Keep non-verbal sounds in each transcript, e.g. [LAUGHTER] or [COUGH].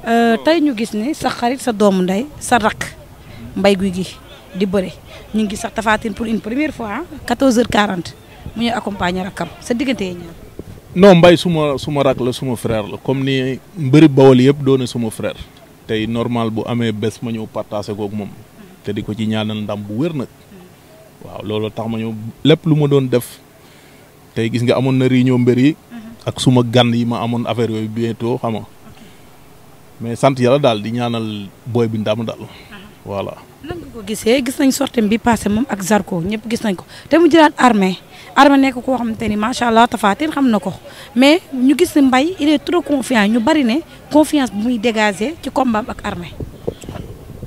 Euh, tay ñu gis ni sa xarit sa doomu nday sa rak mbay guuy gi di beure ñu ngi sax tafatine pour une première fois 14h40 mu ñu accompagner rakam sa digënté yi non mbay suma suma rak la suma frère la comme ni mbeuri bawol yëpp doone suma frère tay normal bu amé bes ma ñëw partager gog mom té diko ko ci ñaanal ndam bu wër nak waaw loolu tax ma ñëw lepp lu doon def tay gis nga amon na réunion mbeuri ak suma gan yi ma amon affaire yoy bientôt xamoo mais sant yàlla daal di ñaanal booy bi ndam daal uh-huh. voilà. nan nga ko gisee gis nañ sortem bi passé moom ak Zarko ñëpp gis nañ ko te mu jëlaat armée armée nekk koo xamante ni macha allah tafaatir xam na ko mais ñu gis ne Mbaye il est trop confiant ñu bari ne confiance bu muy dégager ci combat ak armée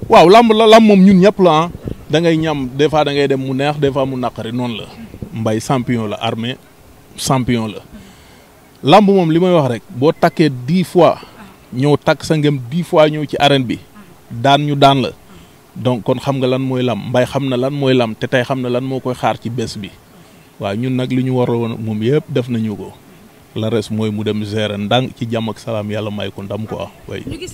waaw lamb la lamb moom ñun ñëpp la ah da ngay ñam des fois da ngay dem mu neex des fois mu naqari noonu la mbay champion la armée champion la mm-hmm. lamb moom li may wax rek boo takkee dix fois. ñëw takk sa ngëm dix fois ñëw ci arène bi daan ñu daan la donc kon xam nga lan mooy lam mbay xam na lan mooy lam te tey xam na lan moo koy xaar ci bés bi waaw ñun nag lu ñu waroon moom yëpp def nañu ko la res mooy mu dem gérer ndànk ci jàmm ak salaam yàlla may ko ndam quoi. ñu gis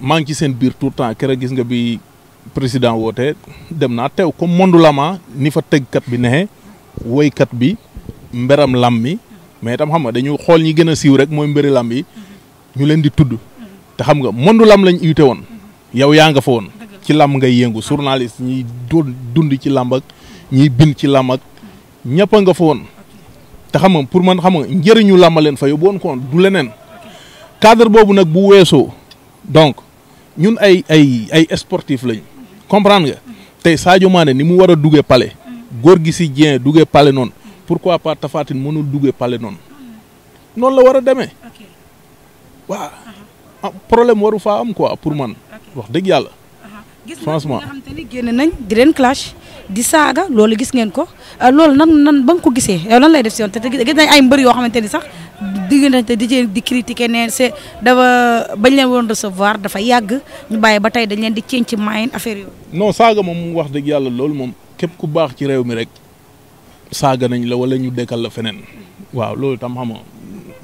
maa ngi ci seen biir tout le temps keroog gis nga bi président woote dem naa tew comme mondu lama ni fa tëggkat bi nexe woykat bi mberam lam mi mais itam xam nga dañu xool ñi gën a siiw rek mooy mbëri lam yi ñu leen di tudd te xam nga mondu lam lañ uute woon yow yaa nga fa woon ci lam ngay yëngu journaliste ñiy dund ci lam ak ñiy ci lam ak ñëpp a nga fa woon te xam nga pour man xam nga njëriñu làmba leen fa yóbbu woon kon du leneen cadre boobu nag bu weesoo donc ñun ay ay ay sportif lañu comprendre nga tey Sadio Mané ni mu war a duggee pale góor gi si Dieng duggee Palais noonu pourquoi pas Tapha Tine mënul duggee pale noonu noonu la war a demee waa uh-huh. ah, problème waru faa am quoi pour man wax dëgg yàlla. franchement uh-huh. gis nga xamante nañ di leen clash di saaga loolu gis ngeen ko uh, loolu nan nan ba nga ko gisee yow lan lay def si yoon te gis nañ ay mbër yoo xamante ni sax te di jël di critiquer ne c'est dafa bañ leen woon recevoir dafa yàgg ñu bàyyi ba tey dañ leen di ceeñ ci maayin affaire yooyu. non saaga moom wax dëgg yàlla loolu moom képp ku baax ci réew mi rek saaga nañ la wala ñu dekkal la feneen waaw loolu tam xam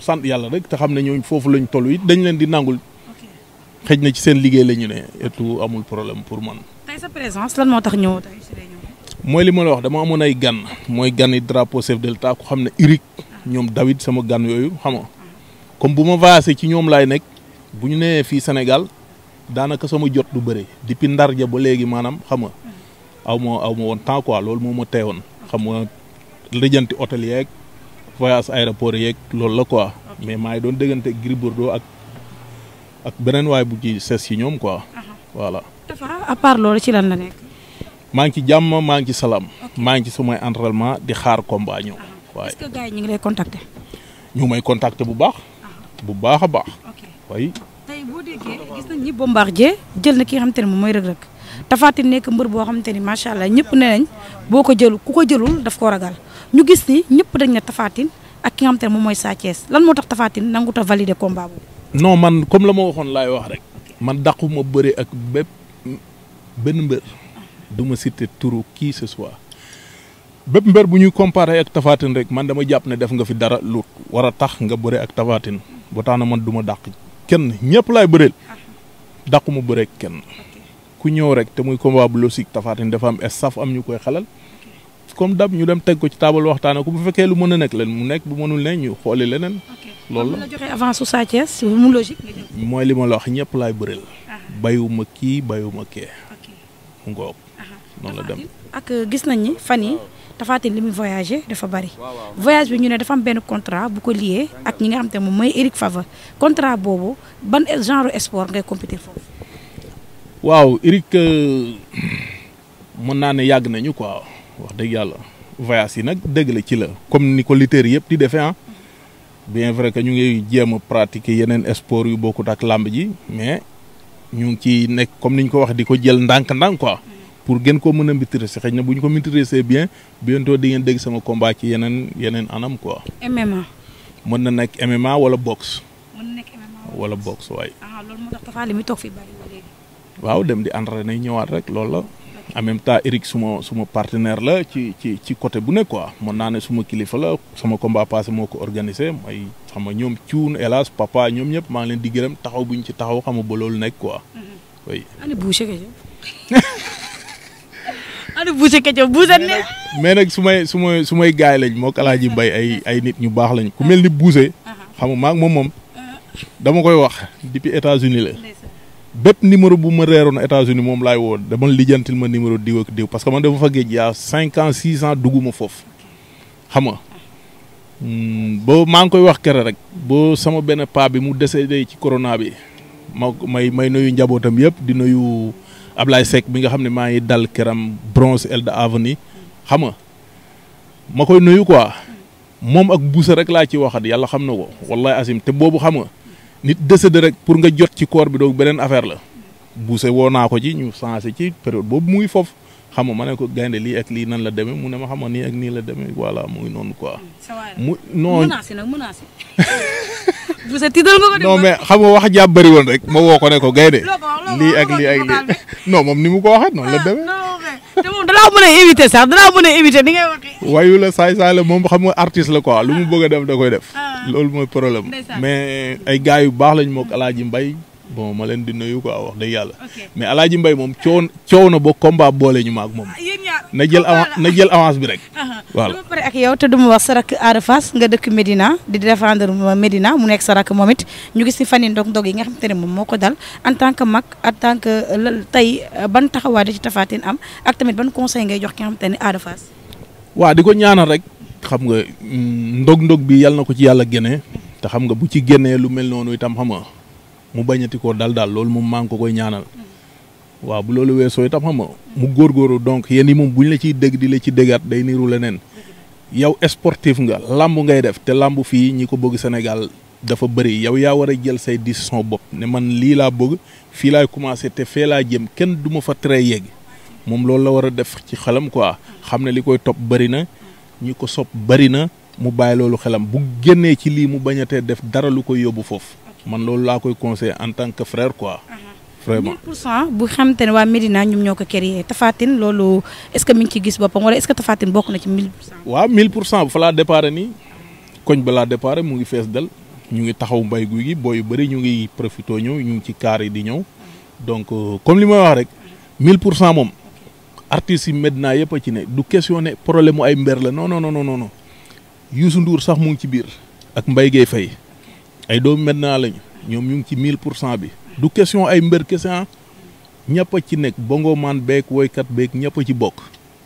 sant yàlla rek te xam ne ñooñu foofu lañ toll it dañ leen di nangul xëj na ci seen liggéey la ñu ne et amul problème pour man. tey moo tax ñëw mooy li ma la wax dama amoon ay gan mooy gan yi drapeau chef de l'État xam ne Uric. ñoom David sama gan yooyu xam nga comme bu ma voyagé ci ñoom laay nekk bu ñu nee fii Sénégal daanaka sama jot du bëre depuis Ndar ja ba léegi maanaam xam nga aw ma aw ma woon temps quoi loolu moo ma teewoon xam nga lijjanti hôtel yeeg voyage aéroport yeeg loolu la quoi mais maa ngi doon déggante Gris Bordeaux ak ak beneen waay bu ci ses ci ñoom quoi voilà. dafa à part loolu ci lan la nekk. maa ngi ci jàmm maa ngi ci salaam. maa ngi ci samay entraînement di xaar combat ñëw. waay est-ce que gars yi ñu ngi lay contacter ñu may contacter bu baax ah. bu baax a waay tey boo déggee gis nañ ñi bombardier jël na ki nga xamante ne moom mooy rëg-rëg tafatin, nekk mbër boo xamante ni macha allah ñëpp ne nañ boo ko jël ku ko jëlul daf ko ragal ñu gis ni ñëpp dañ ne tafaatin ak ki nga mooy lan moo tax tafaatin nangut valider combat boobu. non man comme la wax rek man ak bépp benn mbër ah. du ma ce soit bépp mbër bu ñuy comparé ak tafatin rek man dama japp ne def nga fi dara lu wara tax nga bëré ak tafatin bo ba na man duma dakk kenn ñepp lay bëreel mu bëré kenn ku ñëw rek te muy combat bu logique tafatin dafa am estaf am ñukoy xalal comme dab ñu dem tegg ko ci table waxtaana ku bu fekkee lu mëna nek leen mu nek bu mënul ne ñu xooli leneen. loolu la joxe avance Sa Thiès mu logique moy lima la wax ñepp lay bëreel. bayu ah. maki, bayuma bayu maki. non la dem. ak euh, gis nañ ni fan yi Tapha Tine li muy voyagé dafa bari voyage bi ñu ne dafa am benn contrat bu ko lié ak ñi nga xam te moom mooy Eric Favre contrat boobu ban genre sport ngay compétir foofu. waaw Eric euh, mën naa ne yàgg nañu quoi wax dëgg yàlla voyage yi nag dégg la ci la comme ni ko lutteurs yëpp di defee ah. bien vrai que ñu ngi jéem a pratiquer yeneen sport yu bokkut ak làmb ji mais ñu ngi ciy nekk comme ni ñu ko wax di ko jël ndànk-ndànk quoi. pour gën ko mëna maîtriser xëy na buñ ko maîtriser bien bientôt di ngeen dégg sama combat ci yenen anam quoi MMA mën na MMA wala box mën MMA wala box waay ah loolu moo tax tafa limi tok fi bari waaw dem di entraîner ñëwaat rek loolu la en même temps Eric suma suma partenaire la ci ci ci côté bu ne quoi mën naa ne suma kilifa la sama combat passé ko may xam nga ñoom hélas papa nyom nyep maa ngi leen di tahu taxaw buñ ci taxaw xam ba quoi mm-hmm. oui. Ani boucher que [LAUGHS] allo Boucher Ketchup Boucher ne. mais nag su may su may su may gaay lañ moo Alaaji Mbay ay ay nit ñu baax lañ ku mel ni Boucher. Uh-huh. xam nga maag moom moom uh-huh. dama koy wax depuis États-Unis la. bépp numéro bu ma reeroon États-Unis moom laay woo dama lijjantil ma numéro diw ak diw parce que man dama fa géej yaa cinq ans six ans dugguma foofu xam nga mm, boo maa ngi koy wax kere rek boo sama benn paa bi mu décédé ci corona bi ma may may nuyu njabootam yëpp di nuyu. Ablaye sek bi nga xam ne maa ngi dal këram bronze Elda Avenue xam nga ma koy nuyu quoi moom ak buusa rek laa ci waxat yàlla xam na ko wallahi asim te boobu xam nga nit décédé rek pour nga jot ci koor bi doog beneen affaire la buuse woo naa ko ci ñu sensé ci période boobu muy foofu xam nga ma ne ko gaynde lii ak lii nan la demee mu ne ma xam nga nii ak nii la demee voilà mu ngi noonu quoi. mu non menacé nag menacé bu sa tiital nga ko non mais xam nga wax jàpp bëri woon rek ma woo ko ne ko gaynde lii ak lii ak lii [LAUGHS] non moom ni mu ko waxee noonu la ah, demee. te moom danaa mën a éviter sax danaa mën a éviter ni ngay waxee. wayu la saay saay la moom xam nga artiste la quoi lu mu ah. bëgg a def da koy def. Ah. loolu mooy problème mais ay gars yu baax lañ moog Alaaji Mbay bon ma len di nuyu quoi wax de yalla mais aladji mbay mom coow coow na ba combat bolé ñu mak mom ah, na jël na jël avance bi rek [LAUGHS] uh-huh. voilà dama paré ak yow te duma wax sarak arafas nga dëkk Medina di défendre Medina mu nek sarak moom it ñu gis ni fan ndok ndog yi nga xam dal en tant que mak en tant que euh, tay euh, ban taxawa di ci tafatine am ak tamit ban conseil ngay jox ki nga xam te ne Ada di ñaanal rek xam nga mm, ndog ndog bi yalla nako ci yalla gëné te xam nga bu ci gëné lu mel nonu itam xam nga mu bañati koo dal dal lol moom maa ko koy ñaanal wa bu lolou weso itam xam mu gor goru donc yeen yi mom buñ la ci dégg di la ci déggaat day niru lenen yow sportif nga lamb ngay def te lamb fi ñi ko bëgg Sénégal dafa bëri yow ya wara jël say décision bop ne man li la bëgg fi lay commencer te fe la jëm kenn duma fa très yegg mom lolou la wara def ci xalam quoi xam ne li top topp na ñi ko sop bari na mu bay lolou xalam bu génné ci li mu bañaté def dara lu ko yóbbu fofu man loolu laa koy conseillé en tant que frère quoi. Uh-huh. vraiment 1000 pour cent bu xamante ne waa Medina ñoom ñoo ko créé Tapha Tine loolu est ce que mi ngi ci gis boppam wala est ce que Tapha bokk na ci pour cent. waaw 1000 pour cent bu fa laa déparé nii koñ ba laa déparé mu ngi fees del ñu ngi taxaw mbay guy gi booy yu bëri ñu ngi profité ñëw ñu ngi ci kaar yi di ñëw donc euh, comme li may wax rek mille pour cent moom artistes yi Medina yëpp a ci ne du questionné problème mu ay mber la non non non non non Youssou sax mu ngi ci biir ak Mbaye Gueye Faye ay doomu Medina lañu ñoom ñu ngi ci mille pour cent bi du question ay mbër kese ah ñëpp ci nekk bongo maan beek woykat beek ñëpp ci bokk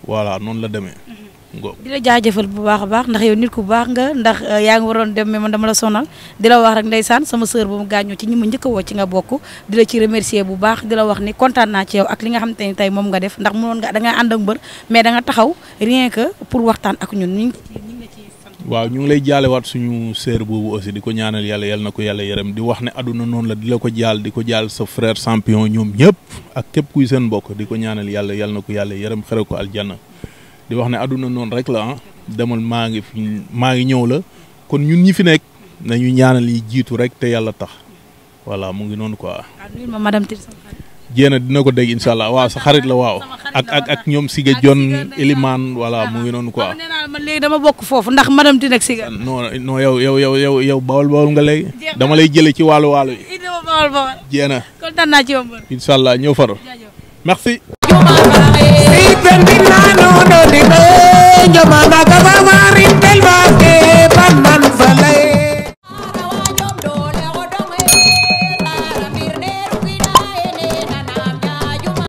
voilà noonu la demee. Mhm. di la jaajëfal bu baax a baax ndax yow nit ku baax nga ndax euh, yaa ngi waroon dem mais man dama la sonal di la wax rek ndeysaan sama sœur bu mu gaañoo ci ñi ma njëkk woo ci nga bokk di la ci remercier bu baax di la wax ni kontaan naa ci yow ak li nga xam te tey moom nga def ndax mënoon nga da nga ànd ak mbër mais da taxaw waxtaan ak ñun ñu waaw ñu ngi lay jaalewaat suñu sœur boobu aussi di ko ñaanal yàlla yal na ko yàlla yërëm di wax ne àdduna noon la di la ko jaal di ko jaal sa frère champion ñoom ñëpp ak képp kuy seen mbokk di ko ñaanal yàlla yal na ko yàlla yërëm xere ko aljanna di wax ne àdduna noonu rek la ah demal maa ngi fi maa ngi ñëw la kon ñun ñi fi nekk nañu ñaanal yi jiitu rek te yàlla tax voilà mu ngi noonu ko ma jéena dina ko dégg incha allah waaw sa xarit la waaw ak ñoom Siga John Eliman voilà mu ngi noonu quoi. man léegi dama bokk foofu ndax madame Tine ak Siga. non non yow yow yow yow yow bawal bawal nga léegi. dama lay jëlee ci wàllu wàllu yi. jéena kontaan naa ci yow. incha allah ñëw faro merci.